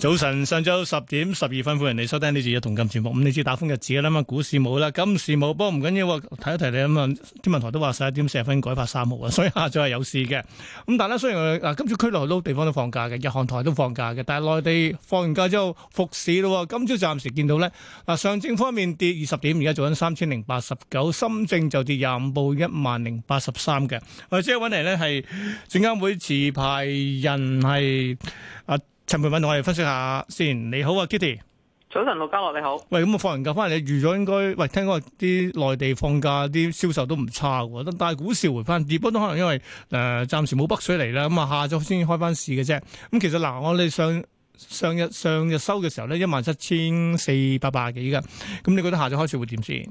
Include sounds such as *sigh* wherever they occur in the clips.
早晨，上晝十點十二分，歡迎你收聽呢節嘅一桶金節目。咁你知打風日子啦嘛，股市冇啦，金市冇。不過唔緊要，提一提你咁啊。天文台都話十一點四十分改發三號啊，所以下晝係有市嘅。咁但係咧，雖然嗱今朝區內好多地方都放假嘅，日韓台都放假嘅，但係內地放完假之後復市啦。喎，今朝暫時見到咧，嗱上證方面跌二十點，而家做緊三千零八十九，深證就跌廿五步，一萬零八十三嘅。我即係揾嚟呢係證監會持牌人係阿。啊陳培敏同我哋分析下先。你好啊，Kitty 早。早晨，盧家樂你好。喂，咁啊放完假翻嚟，預咗應該喂，聽講啲內地放假啲銷售都唔差嘅。但係股市回翻，只不過都可能因為誒暫時冇北水嚟啦。咁啊下晝先開翻市嘅啫。咁其實嗱，我哋上上日上日收嘅時候咧，一萬七千四百八十幾㗎。咁你覺得下晝開始會點先？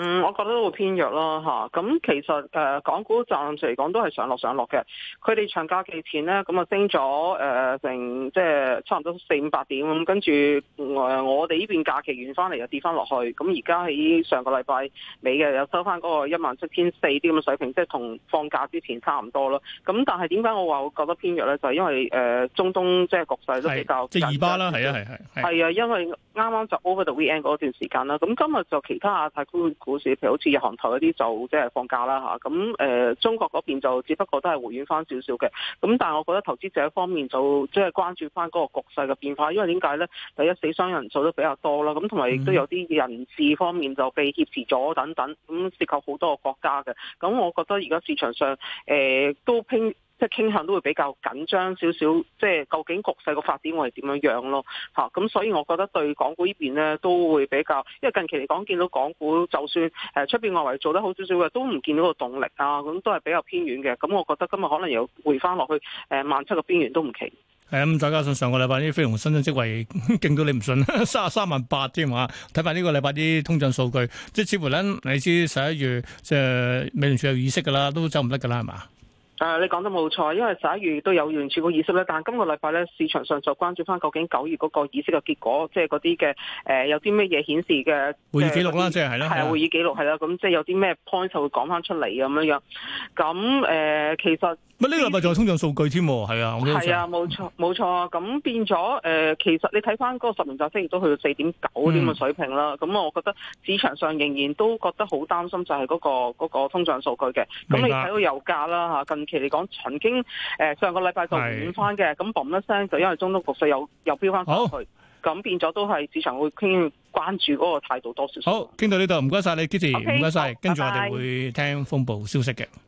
嗯，我覺得都會偏弱咯，咁、啊、其實誒、啊，港股暫時嚟講都係上落上落嘅。佢哋長假期前咧，咁、嗯、啊升咗誒、呃，成即係差唔多四五百點。跟、嗯、住、呃、我哋呢邊假期完翻嚟又跌翻落去。咁而家喺上個禮拜尾嘅又收翻嗰個一萬七千四啲咁嘅水平，即係同放假之前差唔多咯。咁、嗯、但係點解我話會覺得偏弱咧？就係因為誒、呃，中東即係局勢都比較即係二、就是、巴啦，係啊，係係係啊，因為啱啱就 over the weekend 嗰段時間啦。咁今日就其他亞太區股市譬如好似日韓台嗰啲就即係放假啦嚇，咁誒、呃、中國嗰邊就只不過都係回軟翻少少嘅，咁但係我覺得投資者方面就即係關注翻嗰個局勢嘅變化，因為點解咧？第一死傷人數都比較多啦，咁同埋亦都有啲人事方面就被挾持咗等等，咁涉及好多個國家嘅，咁我覺得而家市場上誒、呃、都拼。即係傾向都會比較緊張少少，即係究竟局勢個發展會係點樣樣咯？嚇、啊，咁所以我覺得對港股這邊呢邊呢都會比較，因為近期嚟講見到港股就算誒出邊外圍做得好少少嘅，都唔見到個動力啊，咁都係比較偏遠嘅。咁、嗯、我覺得今日可能又回翻落去誒、啊、萬七嘅邊緣都唔奇。係啊，咁再加上上個禮拜啲非農新增職位勁到你唔信，三十三萬八添啊！睇埋呢個禮拜啲通脹數據，即係似乎咧，你知十一月即係、呃、美聯儲有議息㗎啦，都走唔得㗎啦，係嘛？誒，你講得冇錯，因為十一月都有完全個議息咧，但係今個禮拜咧，市場上就關注翻究竟九月嗰個議息嘅結果，即係嗰啲嘅誒，有啲咩嘢顯示嘅會議記錄啦，即係係啦，係、係啊、會議記錄係啦，咁、啊、即係有啲咩 point 就會講翻出嚟咁樣樣，咁誒、呃，其實。咪呢兩個禮拜仲有通脹數據添，係啊，係啊，冇錯冇錯，咁變咗誒、呃，其實你睇翻嗰個十年債息亦都去到四點九呢啲咁嘅水平啦。咁、嗯、我覺得市場上仍然都覺得好擔心就、那個，就係嗰個嗰個通脹數據嘅。咁你睇到油價啦吓近期嚟講曾經誒、呃、上個禮拜就軟翻嘅，咁嘣一聲就因為中東局勢又又飆翻上去，咁、哦、變咗都係市場會傾關注嗰個態度多少少。好，傾到呢度唔該晒你 Kitty 唔該晒。跟住、okay, 哦、我哋會聽風暴消息嘅。拜拜。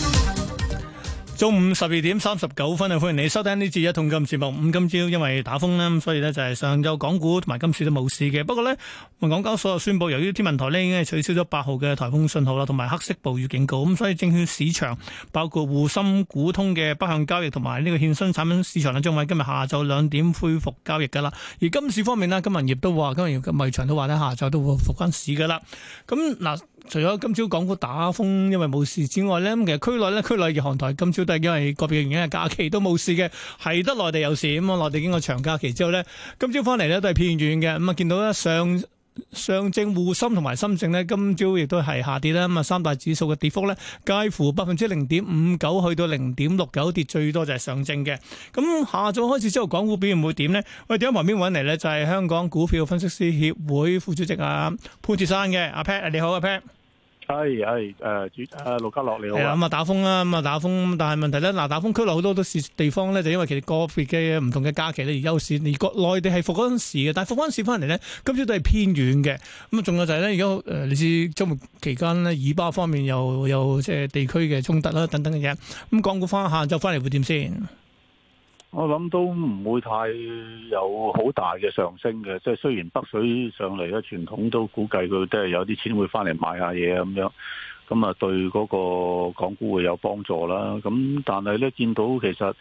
中午十二點三十九分啊！歡迎你收聽呢節一桶金節目。咁今朝因為打風咧，咁所以呢，就係上晝港股同埋今次都冇事嘅。不過咧，港交所有宣布，由於天文台呢已經係取消咗八號嘅颱風信號啦，同埋黑色暴雨警告，咁所以證券市場包括滬深股通嘅北向交易同埋呢個衍生產品市場呢將會今日下晝兩點恢復交易㗎啦。而金市方面呢，金融業都話，金銀業貿易場都話呢，下晝都會復翻市㗎啦。咁嗱。除咗今朝港股打風，因為冇事之外咧，咁其實區內咧，區內嘅航台今朝都係因為個別原因係假期都冇事嘅，係得內地有事咁啊！內地經過長假期之後咧，今朝翻嚟咧都係偏軟嘅咁啊！見到咧上。上證滬深同埋深證咧，今朝亦都係下跌啦。咁啊，三大指數嘅跌幅咧，介乎百分之零點五九去到零點六九，跌最多就係上證嘅。咁下晝開始之後，港股表現會點咧？喂、哎，點喺旁邊揾嚟咧？就係、是、香港股票分析師協會副主席啊潘鐵山嘅阿、啊、Pat，你好阿 Pat。啊係、哎、係、哎，誒、呃、主持，誒陸家樂你好啊！咁啊打風啦，咁啊打風，但係問題咧，嗱打風區內好多都市地方咧，就因為其實個別嘅唔同嘅假期咧而休市，而國內地係復嗰陣時嘅，但係復嗰陣時翻嚟咧，今朝都係偏遠嘅。咁啊，仲有就係咧，而家誒你知週末期間咧，以巴方面又有即係地區嘅衝突啦，等等嘅嘢。咁港股翻下晝翻嚟會點先？我諗都唔會太有好大嘅上升嘅，即係雖然北水上嚟咧，傳統都估計佢都係有啲錢會翻嚟買下嘢咁樣，咁啊對嗰個港股會有幫助啦。咁但係咧見到其實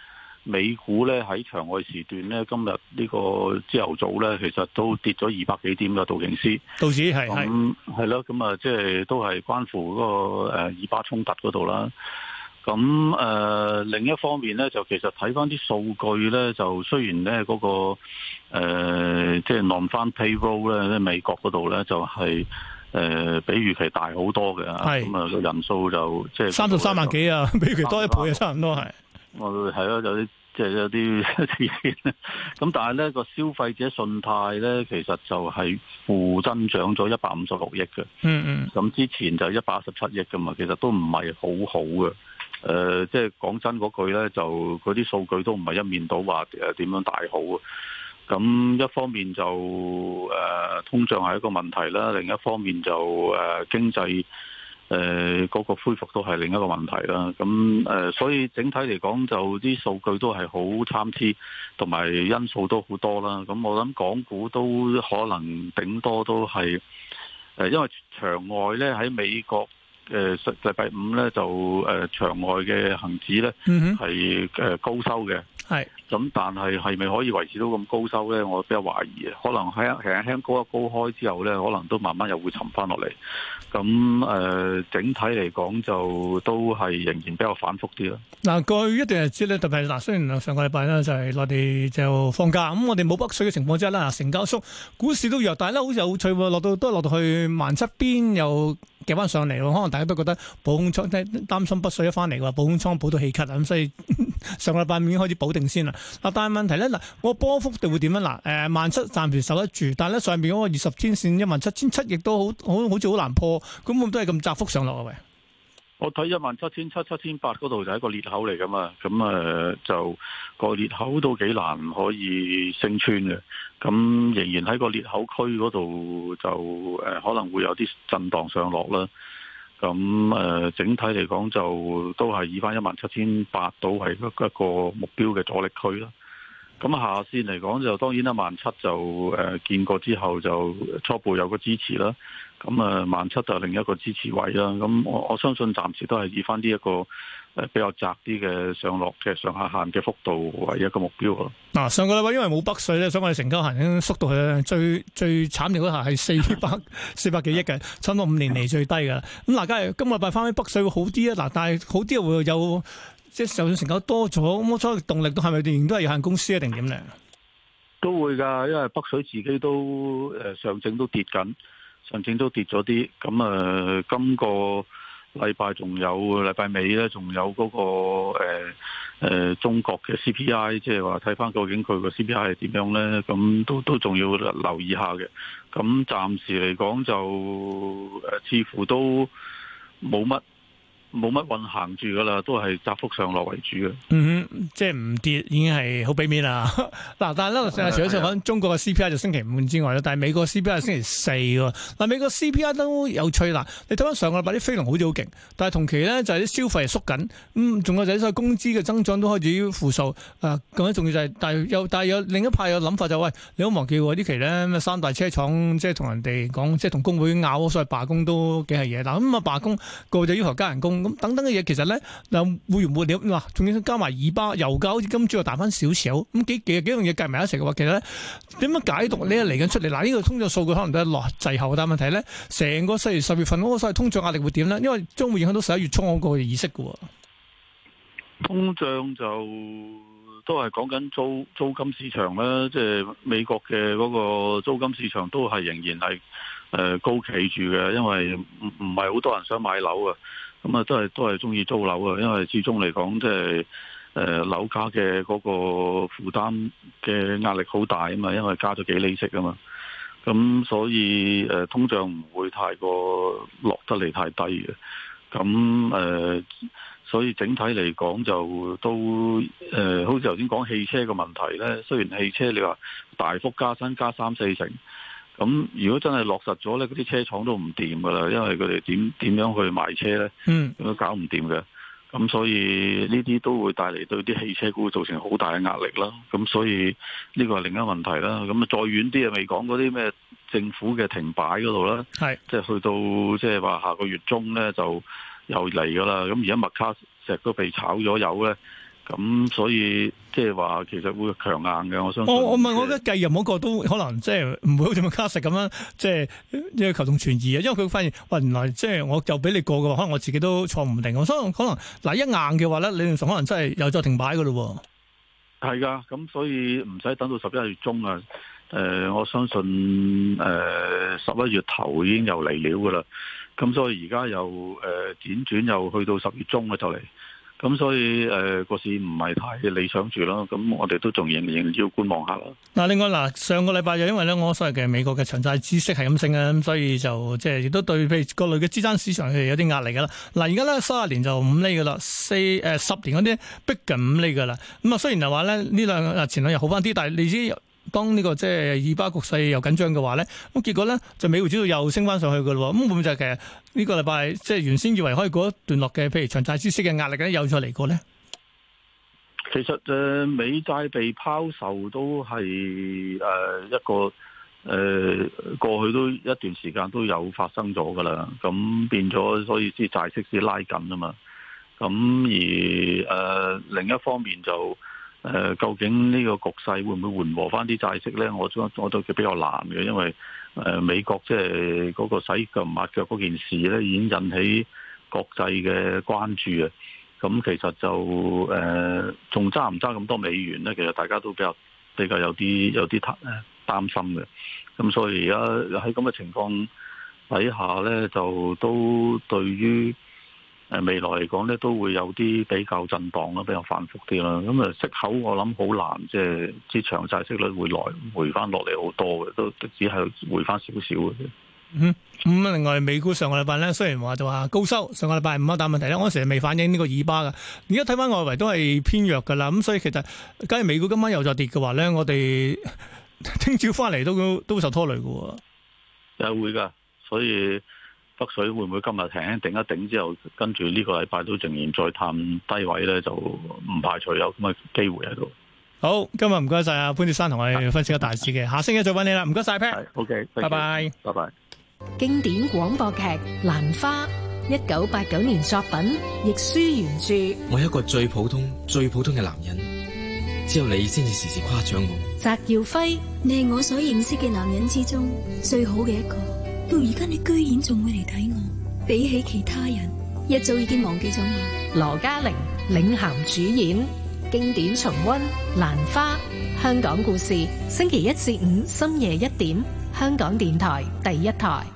美股咧喺場外時段咧，今日呢個朝頭早咧，其實都跌咗二百幾點嘅。道瓊斯。道指係係係咯，咁啊即係都係關乎嗰、那個誒以、啊、巴衝突嗰度啦。咁誒、呃、另一方面咧，就其實睇翻啲數據咧，就雖然咧、那、嗰個、呃、即係 Non-Farm Payroll 咧，美國嗰度咧就係、是、誒、呃、比預期大好多嘅。咁啊，人數就即係三十三萬幾啊，比預期多一倍三十多、呃、啊，差唔多係。我係咯，有啲即係有啲咁，但係咧個消費者信貸咧，其實就係負增長咗一百五十六億嘅。嗯嗯。咁之前就一百一十七億噶嘛，其實都唔係好好嘅。誒、呃，即係講真嗰句呢，就嗰啲數據都唔係一面倒話誒點樣大好啊！咁一方面就誒、呃、通脹係一個問題啦，另一方面就誒、呃、經濟誒嗰個恢復都係另一個問題啦。咁誒、呃，所以整體嚟講就啲數據都係好參差，同埋因素都好多啦。咁我諗港股都可能頂多都係因為場外呢喺美國誒禮拜五咧就誒、呃、場外嘅恆指咧係誒高收嘅，咁但係係咪可以維持到咁高收咧？我比較懷疑可能輕輕高一高開之後咧，可能都慢慢又會沉翻落嚟。咁誒、呃、整體嚟講就都係仍然比較反覆啲咯。嗱，過去一段日子咧特別嗱，雖然上個禮拜呢，就係內地就放假，咁我哋冇北水嘅情況之下啦，成交縮，股市都弱，但係好好有趣落到都落到去萬七邊又。借翻上嚟喎，可能大家都覺得補空倉咧擔心不衰一翻嚟嘅話，補空倉補到氣咳啊，咁所以 *laughs* 上個禮拜已經開始補定先啦。嗱，但係問題咧，嗱，我波幅就會點樣嗱？誒、呃，萬七暫時受得住，但係咧上邊嗰個二十天線一萬七千七，亦都好好好似好難破，咁我都係咁窄幅上落嘅、啊、位。我睇一萬七千七、七千八嗰度就係一個裂口嚟噶嘛，咁就個裂口都幾難可以升穿嘅，咁仍然喺個裂口區嗰度就可能會有啲震盪上落啦，咁整體嚟講就都係以翻一萬七千八到係一個目標嘅阻力區啦。咁下線嚟講就當然啦，萬七就誒見過之後就初步有個支持啦。咁啊萬七就另一個支持位啦。咁我我相信暫時都係以翻呢一個誒比較窄啲嘅上落嘅上下限嘅幅度為一個目標咯。嗱，上個禮拜因為冇北水咧，所以我哋成交行縮到去最最慘嘅嗰下係四百四百幾億嘅，差唔多五年嚟最低嘅。咁嗱，梗係今個禮拜翻去北水會好啲啊！嗱，但係好啲會有。即係就算成交多咗，咁摩抓動力都係咪仍然都係有限公司啊？定點咧？都會噶因為北水自己都誒、呃、上證都跌緊，上證都跌咗啲。咁啊、呃，今個禮拜仲有，禮拜尾咧仲有嗰、那個誒誒、呃呃、中國嘅 CPI，即係話睇翻究竟佢個 CPI 係點樣咧？咁都都仲要留意一下嘅。咁暫時嚟講就誒、呃，似乎都冇乜。冇乜運行住噶啦，都係窄幅上落為主嘅。嗯，即係唔跌已經係好俾面啦。嗱， *laughs* 但係咧，除咗徐總講，中國嘅 CPI 就星期五之外咧，但係美國 CPI 係星期四喎。嗱、啊，美國 CPI 都有趣啦。你睇翻上個禮拜啲飛龍好似好勁，但係同期咧就係、是、啲消費縮緊。咁、嗯、仲有就係工資嘅增長都開始負數。誒、啊，咁樣重要就係、是，但係有，但係有，但有，但有另一派嘅諗法就係、是，喂，你好忘記喎呢期咧，三大車廠即係同人哋講，即係同工會拗，所以罷工都幾係嘢。嗱，咁啊罷工個就要求加人工。咁等等嘅嘢，其實咧嗱，會唔會點？嗱，仲要加埋二八油價，好似金豬又大翻少少。咁幾幾幾樣嘢計埋一齊嘅話，其實咧點樣解讀呢？嚟緊出嚟嗱，呢個通脹數據可能都係落滯後，但係問題咧，成個四月十月份嗰個所謂通脹壓力會點咧？因為將會影響到十一月初嗰個意識嘅。通脹就都係講緊租租金市場啦，即係美國嘅嗰個租金市場都係仍然係誒高企住嘅，因為唔唔係好多人想買樓啊。咁啊，都係都係中意租樓啊，因為始終嚟講，即係誒，樓價嘅嗰個負擔嘅壓力好大啊嘛，因為加咗幾厘息啊嘛，咁所以誒、呃、通脹唔會太過落得嚟太低嘅，咁誒、呃，所以整體嚟講就都誒、呃，好似頭先講汽車嘅問題咧，雖然汽車你話大幅加薪加三四成。咁如果真係落實咗呢，嗰啲車廠都唔掂噶啦，因為佢哋點點樣去賣車咧、嗯，都搞唔掂嘅。咁所以呢啲都會帶嚟對啲汽車股造成好大嘅壓力啦。咁所以呢個係另一問題啦。咁啊再遠啲啊未講嗰啲咩政府嘅停擺嗰度啦，係即係去到即係話下個月中呢，就又嚟噶啦。咁而家麥卡石都被炒咗魷呢。咁所以。即係話其實會強硬嘅，我相信。我我問我、就是，我覺得繼任嗰個都可能即係唔會好似咁樣，即係要求同存異啊。因為佢發現，哇，原來即係我就俾你過嘅話，可能我自己都坐唔定。我相信可能嗱，一硬嘅話咧，理論上可能真係又再停擺噶咯。係噶，咁所以唔使等到十一月中啊。誒、呃，我相信誒十一月頭已經又嚟料噶啦。咁所以而家又誒輾轉又去到十月中啊，就嚟。咁所以誒個、呃、市唔係太理想住咯，咁我哋都仲仍然要觀望下咯。嗱，另外嗱，上個禮拜又因為咧，我所謂嘅美國嘅長債孳息係咁升嘅，咁所以就即係亦都對譬如國內嘅資產市場係有啲壓力嘅啦。嗱，而家咧三十年就五厘嘅啦，四誒十年嗰啲逼近五厘嘅啦。咁啊，雖然就話咧呢兩啊前兩日好翻啲，但係你知。當呢、這個即係以巴局勢又緊張嘅話咧，咁結果咧就美匯指數又升返上去噶咯。咁會唔會就係其實呢個禮拜即係、就是、原先以為可以告一段落嘅，譬如長債孳息嘅壓力咧又再嚟過咧？其實誒，美債被拋售都係誒一個誒過去都一段時間都有發生咗噶啦。咁變咗，所以即債息先拉緊啊嘛。咁而誒、呃、另一方面就。誒，究竟呢個局勢會唔會緩和翻啲債息呢？我覺得我對佢比較難嘅，因為誒美國即係嗰個洗腳抹腳嗰件事呢已經引起國際嘅關注啊！咁其實就誒，仲揸唔揸咁多美元呢？其實大家都比較比較有啲有啲擔心嘅，咁所以而家喺咁嘅情況底下呢，就都對於。誒，未來嚟講咧，都會有啲比較震盪啦，比較反覆啲啦。咁啊，息口我諗好難，即係接長債息率會來回翻落嚟好多嘅，都只係回翻少少嘅啫。嗯、咁、嗯、另外美股上個禮拜咧，雖然話就話高收上個禮拜五，但係問題咧，我成日未反映呢個尾巴噶。而家睇翻外圍都係偏弱噶啦，咁所以其實，假如美股今晚又再跌嘅話咧，我哋聽朝翻嚟都都受拖累嘅。又會噶，所以。北水會唔會今日停頂一頂之後，跟住呢個禮拜都仍然再探低位咧，就唔排除有咁嘅機會喺度。好，今日唔該晒啊潘先山同我哋分析個大市嘅，下星期再揾你啦。唔該晒 Pat。OK。拜拜，拜拜，okay。經典廣播劇《蘭花》，一九八九年作品，亦舒原著。我係一個最普通、最普通嘅男人，只有你先至時時誇獎我。翟耀輝，你係我所認識嘅男人之中最好嘅一個。到而家，你居然仲會嚟睇我。比起其他人，一早已經忘記咗我。羅嘉玲領銜主演，經典重温《蘭花》香港故事，星期一至五深夜一點，香港電台第一台。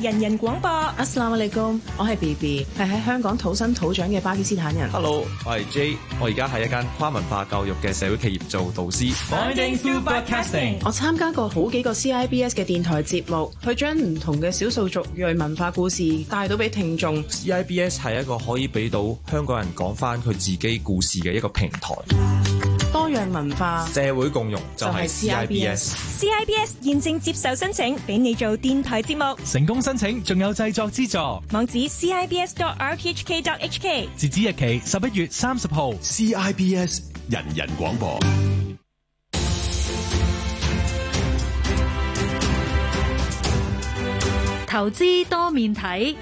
人人廣播，Assalamualaikum，我係 BB，係喺香港土生土長嘅巴基斯坦人。Hello，我係 Jay，我而家喺一間跨文化教育嘅社會企業做導師。Finding New Broadcasting，我參加過好幾個 CIBS 嘅電台節目，去將唔同嘅少數族裔文化故事帶到俾聽眾。CIBS 係一個可以俾到香港人講返佢自己故事嘅一個平台。多樣文化，社會共融就係 CIBS。就是、CIBS 現正接受申請，俾你做電台節目。成功申請仲有製作資助，網址 CIBS.RTHK.HK。截止日期十一月三十號。CIBS 人人廣播，投資多面睇。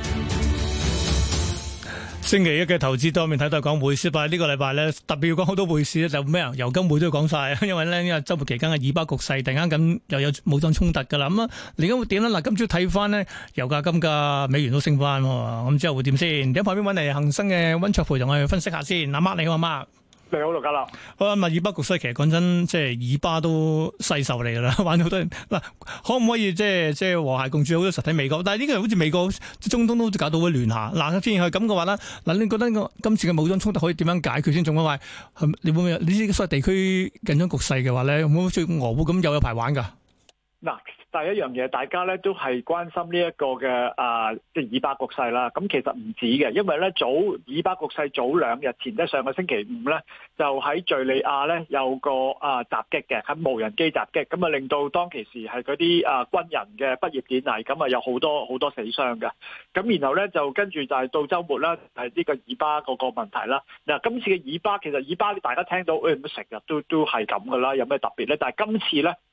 星期一嘅投資方面睇都係講匯市，但呢個禮拜咧，特別要講好多匯市咧就咩啊？油金匯都講晒，因為咧因為周末期間嘅以巴局勢突然間咁又有武裝衝突噶啦，咁啊而家會點咧？嗱，今朝睇翻咧，油價、金價、美元都升翻，咁之後會點先？喺旁邊揾嚟恒生嘅溫卓培同我哋分析下先。阿 Mark 你好，阿 Mark 你好，羅嘉樂。好啊，墨爾本局勢其實講真，即係以巴都細受嚟啦，玩咗好多人。嗱，可唔可以即係即係和諧共處？好多實體美國，但係呢個人好似美國中東都搞到會亂下。嗱、啊，之前係咁嘅話啦，嗱、啊，你覺得今次嘅武裝衝突可以點樣解決先？仲唔係？你會唔會？呢啲所謂地區緊張局勢嘅話咧，會唔會好似俄烏咁又有排玩噶？嗱，第一樣嘢，大家咧都係關心呢、這、一個嘅啊，即、就、係、是、以巴局勢啦。咁其實唔止嘅，因為咧早以巴局勢早兩日前即上個星期五咧，就喺敘利亞咧有個啊襲擊嘅，喺無人機襲擊，咁啊令到當其時係嗰啲啊軍人嘅畢業典禮，咁啊有好多好多死傷㗎。咁然後咧就跟住就係到周末啦，係呢個以巴嗰個問題啦。嗱，今次嘅以巴其實以巴大家聽到誒，成、哎、日都都係咁噶啦，有咩特別咧？但係今次咧。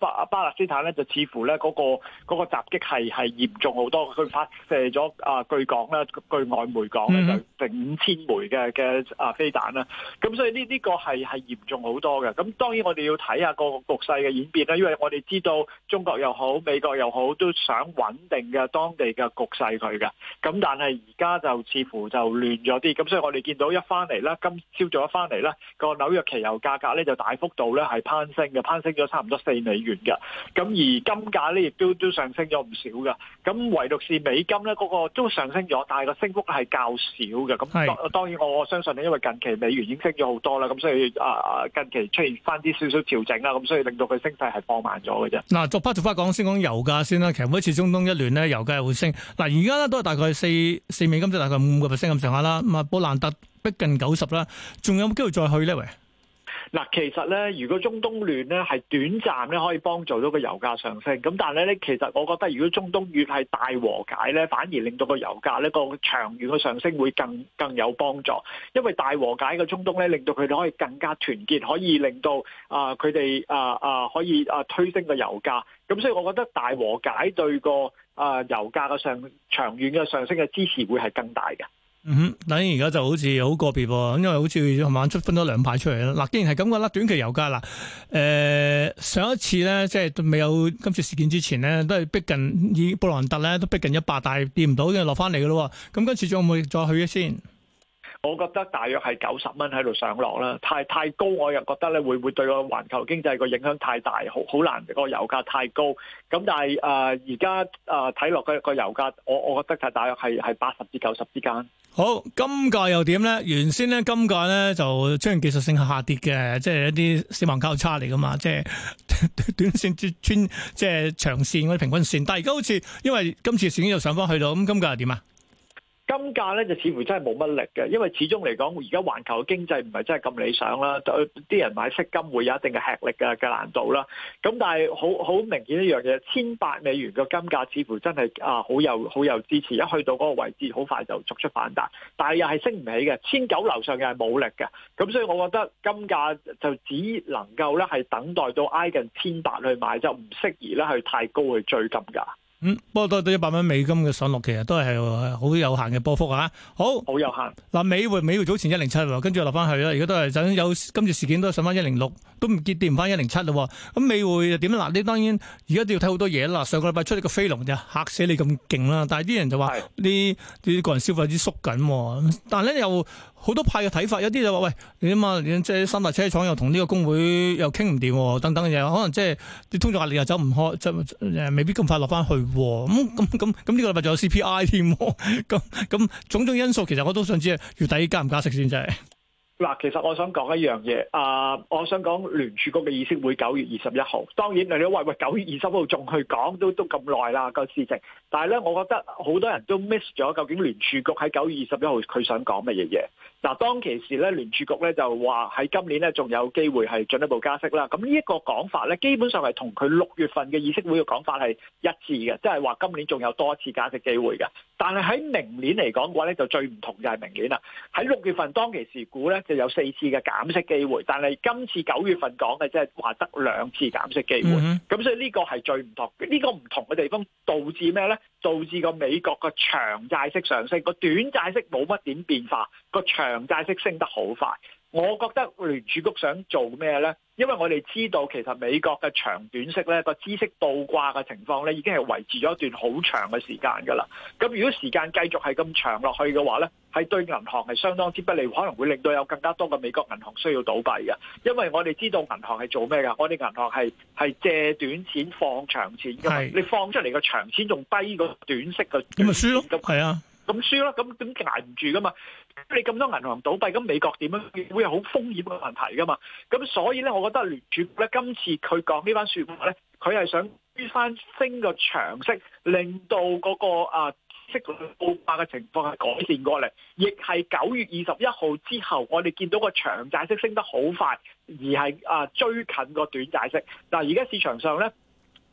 巴巴勒斯坦咧就似乎咧、嗰、嗰個嗰、嗰個襲擊係係嚴重好多，佢發射咗啊據講咧據外媒講，咧就成五千枚嘅嘅啊飛彈啦，咁所以呢呢個係係嚴重好多嘅。咁當然我哋要睇下個局勢嘅演變啦，因為我哋知道中國又好，美國又好，都想穩定嘅當地嘅局勢佢嘅。咁但係而家就似乎就亂咗啲，咁所以我哋見到一翻嚟啦，今朝早一翻嚟啦，個紐約期油價格咧就大幅度咧係攀升嘅，攀升咗差唔多四美元。嘅，咁而金價咧亦都都上升咗唔少嘅，咁唯獨是美金咧嗰個都上升咗，但係個升幅係較少嘅。咁當然我相信呢，因為近期美元已經升咗好多啦，咁所以啊近期出現翻啲少少調整啊，咁所以令到佢升勢係放慢咗嘅啫。嗱，逐翻逐翻講先，講油價先啦。其實每一次中東一亂呢，油價係會升。嗱，而家呢，都係大概四四美金即大概五個 percent 咁上下啦。咁啊，布蘭特逼近九十啦，仲有冇機會再去呢？喂。嗱，其實咧，如果中東亂咧係短暫咧，可以幫助到個油價上升。咁但係咧，咧其實我覺得，如果中東越係大和解咧，反而令到個油價咧個長遠嘅上升會更更有幫助。因為大和解嘅中東咧，令到佢哋可以更加團結，可以令到啊佢哋啊啊可以啊推升個油價。咁所以，我覺得大和解對個啊油價嘅上長遠嘅上升嘅支持會係更大嘅。嗯，等於而家就好似好個別，因為好似琴晚出分咗兩派出嚟啦。嗱，既然係咁嘅啦，短期油價嗱，誒、呃、上一次咧，即係未有今次事件之前咧，都係逼近，以布蘭特咧都逼近一百，但係跌唔到，因為落翻嚟嘅咯。咁跟住仲會唔會再去嘅先？我覺得大約係九十蚊喺度上落啦，太太高我又覺得咧會唔會對個環球經濟個影響太大，好好難個油價太高。咁但係誒而家誒睇落個個油價，我我覺得就大約係係八十至九十之間。好，今屆又點咧？原先咧，今屆咧就將技術性下跌嘅，即係一啲死亡交叉嚟噶嘛，即係短綫穿即係長綫嗰啲平均綫。但係而家好似因為今次綫已經又上翻去到，咁今屆又點啊？金價咧就似乎真係冇乜力嘅，因為始終嚟講，而家環球經濟唔係真係咁理想啦，啲人買息金會有一定嘅吃力嘅嘅難度啦。咁但係好好明顯一樣嘢，千八美元嘅金價似乎真係啊好有好有支持，一去到嗰個位置，好快就作出反彈，但係又係升唔起嘅，千九樓上嘅係冇力嘅。咁所以我覺得金價就只能夠咧係等待到挨近千八去買，就唔適宜咧去太高去追金價。嗯，不過到到一百蚊美金嘅上落其實都係好有限嘅波幅吓，啊，好，好有限。嗱，美匯美匯早前一零七喎，跟住落翻去啦，而家都係有今次事件都上翻一零六，都唔結跌唔翻一零七咯。咁美匯又點樣？嗱，你當然而家都要睇好多嘢啦。上個禮拜出呢個飛龍就嚇死你咁勁啦，但係啲人就話呢，你個人消費有啲縮緊，但係咧又。好多派嘅睇法，有啲就話喂，你啊嘛，即係三大車廠又同呢個工會又傾唔掂，等等嘅嘢。」可能即係啲通脹壓力又走唔開，就誒未必咁快落翻去。咁咁咁咁呢個禮拜仲有 CPI 添。咁咁種種因素，其實我都想知道月底加唔加息先真係。嗱，其實我想講一樣嘢啊，uh, 我想講聯儲局嘅議息會九月二十一號。當然嗱，你話喂，喂，九月二十號仲去講都都咁耐啦，個事情。」但係咧，我覺得好多人都 miss 咗究竟聯儲局喺九月二十一號佢想講乜嘢嘢。嗱，當其時咧，聯儲局咧就話喺今年咧仲有機會係進一步加息啦。咁呢一個講法咧，基本上係同佢六月份嘅議息會嘅講法係一致嘅，即係話今年仲有多次加息機會嘅。但係喺明年嚟講嘅話咧，就最唔同就係明年啦。喺六月份當其時估咧就有四次嘅減息機會，但係今次九月份講嘅即係話得兩次減息機會。咁所以呢個係最唔同，呢個唔同嘅地方導致咩咧？導致個美國個長債息上升，個短債息冇乜點變化，個長長債息升得好快，我覺得聯儲局想做咩呢？因為我哋知道其實美國嘅長短息呢個知識倒掛嘅情況呢，已經係維持咗一段好長嘅時間噶啦。咁如果時間繼續係咁長落去嘅話呢，係對銀行係相當之不利，可能會令到有更加多嘅美國銀行需要倒閉噶。因為我哋知道銀行係做咩噶？我哋銀行係係借短錢放長錢噶嘛？你放出嚟，個長錢仲低過短息嘅，咁咪輸咯？係啊，咁輸咯，咁點挨唔住噶嘛？你咁多銀行倒閉，咁美國點樣會有好風險嘅問題噶嘛？咁所以咧，我覺得聯儲局咧，今次佢講番呢班説話咧，佢係想於翻升個長息，令到嗰、那個啊息率固化嘅情況係改善過嚟，亦係九月二十一號之後，我哋見到個長債息升得好快，而係啊追近個短債息嗱，而、啊、家市場上咧。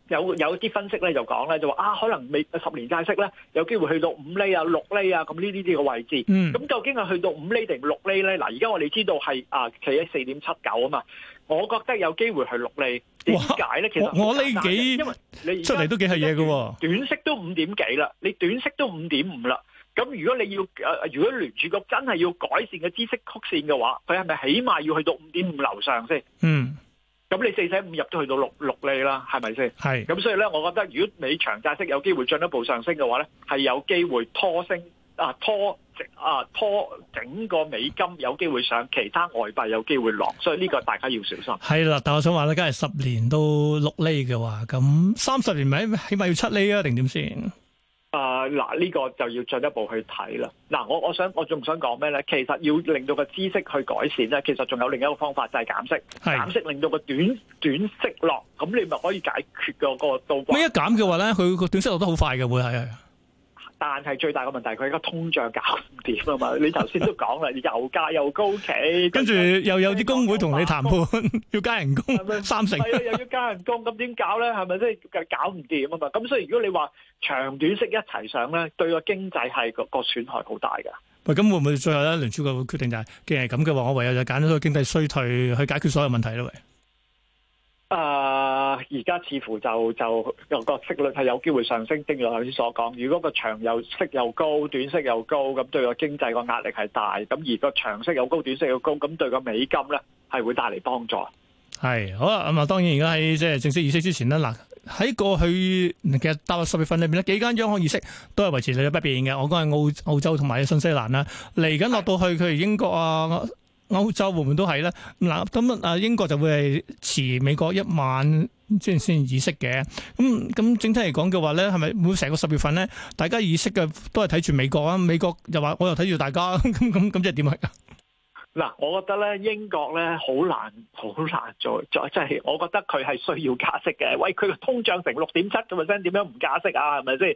有有啲分析咧就講咧就話啊，可能未十年債息咧有機會去到五厘啊、六厘啊咁呢啲啲嘅位置。咁、嗯、究竟係去到五厘定六厘咧？嗱，而家我哋知道係啊企喺四點七九啊嘛。我覺得有機會係六厘。點解咧？其實我呢幾因為你出嚟都幾係嘢喎。短息都五點幾啦，你短息都五點五啦。咁如果你要、啊、如果聯儲局真係要改善嘅知識曲線嘅話，佢係咪起碼要去到五點五樓上先？嗯。咁你四捨五入都去到六六厘啦，係咪先？係、嗯，咁所以咧，我覺得如果美長債息有機會進一步上升嘅話咧，係有機會拖升啊拖啊拖整個美金有機會上，其他外幣有機會落，所以呢個大家要小心。係啦， *noise* *music* 但我想話咧，梗係十年都六厘嘅話，咁三十年咪起碼要七厘啊？定點先？啊、呃！嗱，呢個就要進一步去睇啦。嗱、啊，我我想我仲想講咩咧？其實要令到個知識去改善咧，其實仲有另一個方法就係、是、減息。減息令到個短短息落，咁你咪可以解決個個倒掛。咩一減嘅話咧，佢個短息落得好快嘅會係。但係最大嘅問題，佢而家通脹搞唔掂啊嘛！ *laughs* 你頭先都講啦，油價又高企，跟住又有啲工會同你談判， *laughs* 要加人工，是是三成，係啊，又要加人工，咁 *laughs* 點搞咧？係咪即係搞唔掂啊嘛？咁、 *laughs* 嗯、所以如果你話長短息一齊上咧，對個經濟係個個損害好大嘅。喂，咁會唔會最後咧聯儲局決定就係、是、既然係咁嘅話，我唯有就揀咗個經濟衰退去解決所有問題咧？喂。而家似乎就就個息率係有機會上升，正如頭先所講。如果個長又息又高，短息又高，咁對個經濟個壓力係大。咁而個長息又高，短息又高，咁對個美金咧係會帶嚟幫助。係，好啦，咁啊當然而家喺即係正式議息之前咧，嗱喺過去其實踏入十月份裏邊呢，幾間央行議息都係維持利率不變嘅。我講係澳澳洲同埋新西蘭啦，嚟緊落到去佢英國啊。歐洲會唔會都係咧？嗱，咁啊，英國就會係遲美國一晚即係先議息嘅。咁咁整體嚟講嘅話咧，係咪會成個十月份咧，大家議息嘅都係睇住美國啊？美國又話我又睇住大家，咁咁咁即係點係㗎？嗱，我覺得咧英國咧好難好難再再即係，就係、我覺得佢係需要加息嘅。喂，佢個通脹成六點七咁啊，真點樣唔加息啊？係咪先？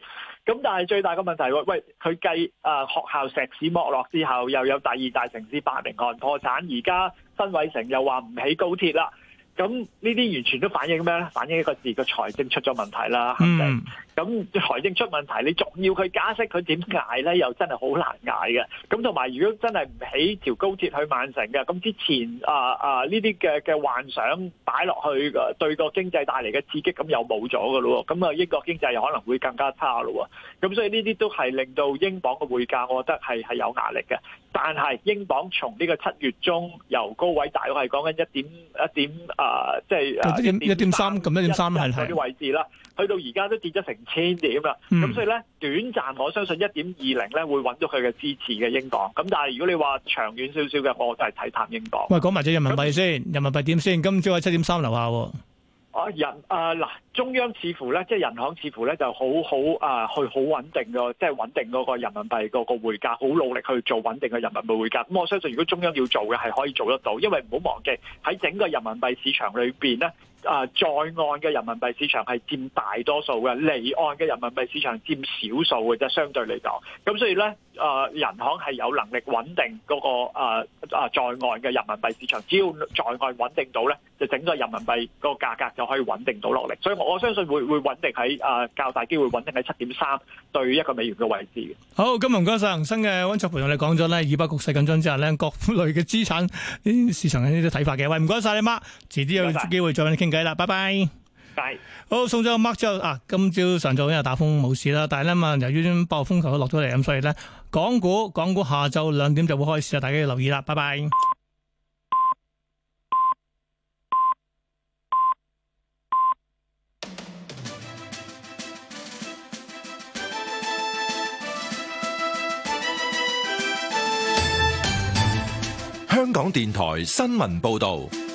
咁但係最大嘅問題喎，喂，佢計啊學校石屎剝落之後，又有第二大城市伯明翰破產，而家辛偉誠又話唔起高鐵啦。咁呢啲完全都反映咩咧？反映一個字，個財政出咗問題啦。嗯。咁財政出問題，你仲要佢加息，佢點捱咧？又真係好難捱嘅。咁同埋，如果真係唔起條高鐵去曼城嘅，咁之前啊啊呢啲嘅嘅幻想擺落去，對個經濟帶嚟嘅刺激，咁又冇咗嘅咯。咁啊，英國經濟又可能會更加差咯。咁所以呢啲都係令到英鎊嘅匯價，我覺得係係有壓力嘅。但係英鎊從呢個七月中由高位大約，大概係講緊一點一點啊，即係一點一點三咁，一點三係啲位置啦。去到而家都跌咗成千點啦，咁、嗯、所以咧短暫我相信一點二零咧會揾到佢嘅支持嘅英鎊，咁但係如果你話長遠少少嘅，我就係睇淡英鎊。喂，講埋隻人民幣先，先，人民幣點先？今朝係七點三樓下。啊人啊嗱，中央似乎咧，即係銀行似乎咧就好好啊，去好穩定嘅，即係穩定嗰個人民幣個個匯價，好努力去做穩定嘅人民幣匯價。咁我相信如果中央要做嘅係可以做得到，因為唔好忘記喺整個人民幣市場裏邊咧。啊，在岸嘅人民幣市場係佔大多數嘅，離岸嘅人民幣市場佔少數嘅啫。相對嚟講，咁所以咧，啊，人行係有能力穩定嗰、那個啊，啊，在岸嘅人民幣市場，只要在岸穩定到咧，就整個人民幣嗰個價格就可以穩定到落嚟。所以我相信會會穩定喺啊較大機會穩定喺七點三對一個美元嘅位置。好，今日唔該曬恒生嘅温卓培同你講咗咧，以北局勢緊張之下咧，各類嘅資產、哎、市場有呢啲睇法嘅。喂，唔該晒你媽，遲啲有機會再揾你傾。計啦，拜拜。係好，送咗 mark 之後啊，今朝上晝因為打風冇市啦，但係咧嘛，由於啲暴風球都落咗嚟，咁，所以咧港股，港股下晝兩點就會開市啦，大家要留意啦，拜拜。香港電台新聞報道。